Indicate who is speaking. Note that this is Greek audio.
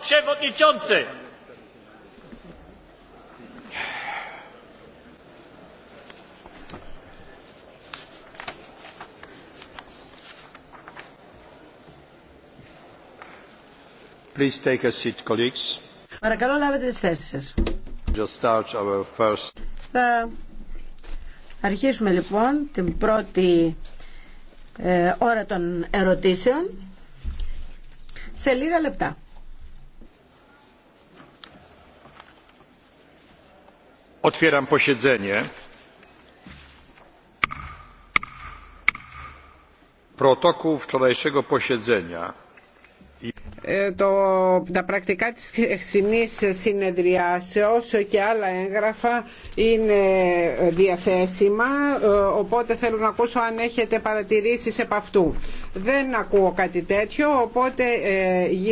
Speaker 1: przewodniczący!
Speaker 2: Παρακαλώ λάβετε τις θέσεις σας. Θα αρχίσουμε λοιπόν την
Speaker 3: πρώτη ε, ώρα των ερωτήσεων σε λίγα λεπτά.
Speaker 4: Otwieram posiedzenie. Protokół wczorajszego posiedzenia.
Speaker 5: Ε, τα πρακτικά της εξήνή συνεδριάσεως και άλλα έγγραφα είναι διαθέσιμα, ε, οπότε θέλω να ακούσω αν έχετε παρατηρήσει επ' αυτού. Δεν ακούω κάτι τέτοιο, οπότε ε,